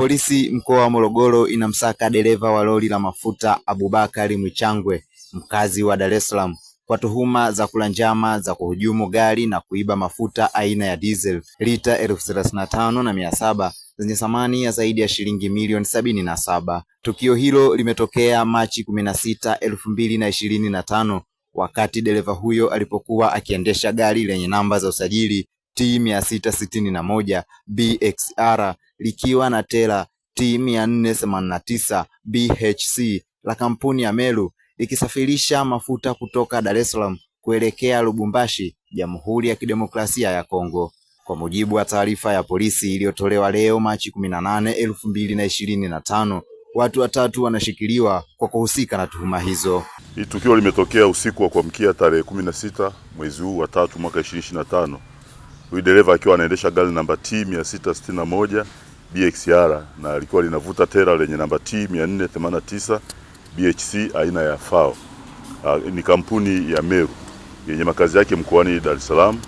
Polisi mkoa wa Morogoro inamsaka dereva wa lori la mafuta Abubakari Mwichangwe mkazi wa Dar es Salaam kwa tuhuma za kula njama za kuhujumu gari na kuiba mafuta aina ya diesel lita elfu thelathini na tano na mia saba zenye thamani ya zaidi ya shilingi milioni sabini na saba. Tukio hilo limetokea Machi kumi na sita elfu mbili na ishirini na tano wakati dereva huyo alipokuwa akiendesha gari lenye namba za usajili T mia sita sitini na moja BXR likiwa na tela T 489 BHC la kampuni ya Meru likisafirisha mafuta kutoka Dar es Salaam kuelekea Lubumbashi, Jamhuri ya Kidemokrasia ya Kongo. Kwa mujibu wa taarifa ya polisi iliyotolewa leo Machi 18, 2025, watu watatu wanashikiliwa kwa kuhusika na tuhuma hizo. Hii tukio limetokea usiku wa kuamkia tarehe 16 mwezi huu wa tatu mwaka 2025, huyu dereva akiwa anaendesha gari namba T 661 BXR na alikuwa linavuta tera lenye namba T 489 BHC aina ya FAO. Ah, ni kampuni ya Meru yenye makazi yake mkoani Dar es Salaam,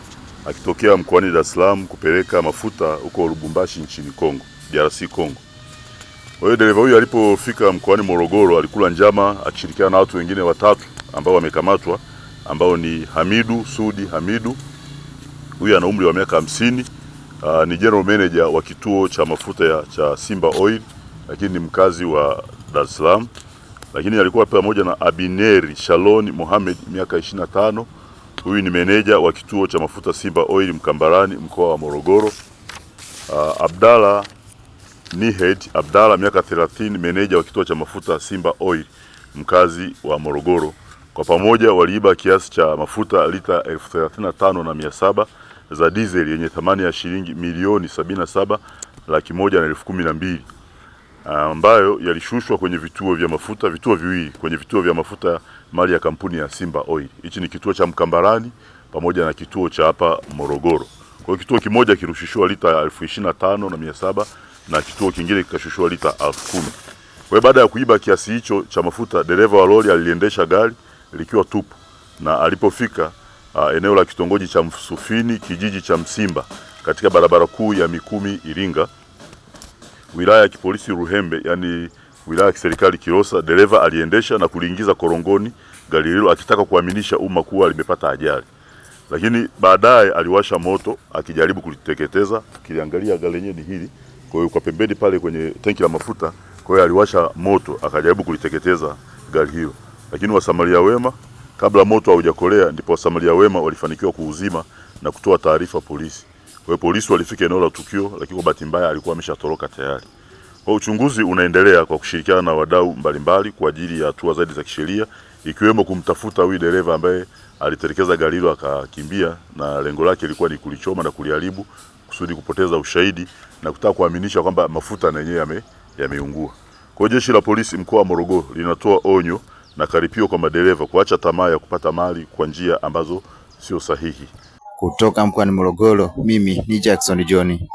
akitokea mkoani Dar es Salaam kupeleka mafuta huko Lubumbashi nchini Kongo, DRC Kongo. Kwa hiyo dereva huyu alipofika mkoani Morogoro alikula njama akishirikiana na watu wengine watatu ambao wamekamatwa ambao ni Hamidu Sudi Hamidu, huyu ana umri wa miaka hamsini Uh, ni general manager wa kituo cha mafuta ya, cha Simba Oil lakini ni mkazi wa Dar es Salaam, lakini alikuwa pamoja na Abineri Shalon Mohamed miaka 25. Huyu ni meneja wa kituo cha mafuta Simba Oil Mkambarani mkoa wa Morogoro. Uh, Abdalla Nihed Abdalla miaka 30, meneja wa kituo cha mafuta Simba Oil mkazi wa Morogoro. Kwa pamoja waliiba kiasi cha mafuta lita elfu thelathini na tano na mia saba za diesel yenye thamani ya shilingi milioni sabini na saba laki moja na elfu kumi na mbili ambayo yalishushwa kwenye vituo vya mafuta vituo viwili kwenye vituo vya mafuta mali ya kampuni ya Simba Oil. Hichi ni kituo cha Mkambarani pamoja na kituo cha hapa Morogoro. Kwa hiyo kituo kimoja kirushushiwa lita elfu ishirini na tano na mia saba na kituo kingine kikashushwa lita elfu kumi. Kwa hiyo baada ya kuiba kiasi hicho cha mafuta, dereva wa lori aliendesha gari likiwa tupu na alipofika uh, eneo la kitongoji cha Msufini kijiji cha Msimba katika barabara kuu ya Mikumi Iringa, wilaya ya kipolisi Ruhembe, yani wilaya ya kiserikali Kilosa. Dereva aliendesha na kuliingiza korongoni gari hilo akitaka kuaminisha umma kuwa limepata ajali, lakini baadaye aliwasha moto akijaribu kuliteketeza. Kiliangalia gari lenyewe ni hili, kwa hiyo kwa pembeni pale kwenye tenki la mafuta, kwa hiyo aliwasha moto akajaribu kuliteketeza gari hilo, lakini wasamaria wema Kabla moto haujakolea, ndipo wasamaria wema walifanikiwa kuuzima na kutoa taarifa polisi. Kwa hiyo polisi walifika eneo la tukio, lakini kwa bahati mbaya alikuwa ameshatoroka tayari. Kwa uchunguzi unaendelea kwa kushirikiana na wadau mbalimbali kwa ajili ya hatua zaidi za kisheria ikiwemo kumtafuta huyu dereva ambaye alitelekeza gari hilo akakimbia, na lengo lake lilikuwa ni kulichoma na kuliharibu kusudi kupoteza ushahidi na kutaka kuaminisha kwamba mafuta na yenyewe yameungua. Kwa hiyo jeshi la polisi mkoa wa Morogoro linatoa onyo na karipio kwa madereva kuacha tamaa ya kupata mali kwa njia ambazo sio sahihi. Kutoka mkoani Morogoro, mimi ni Jackson John.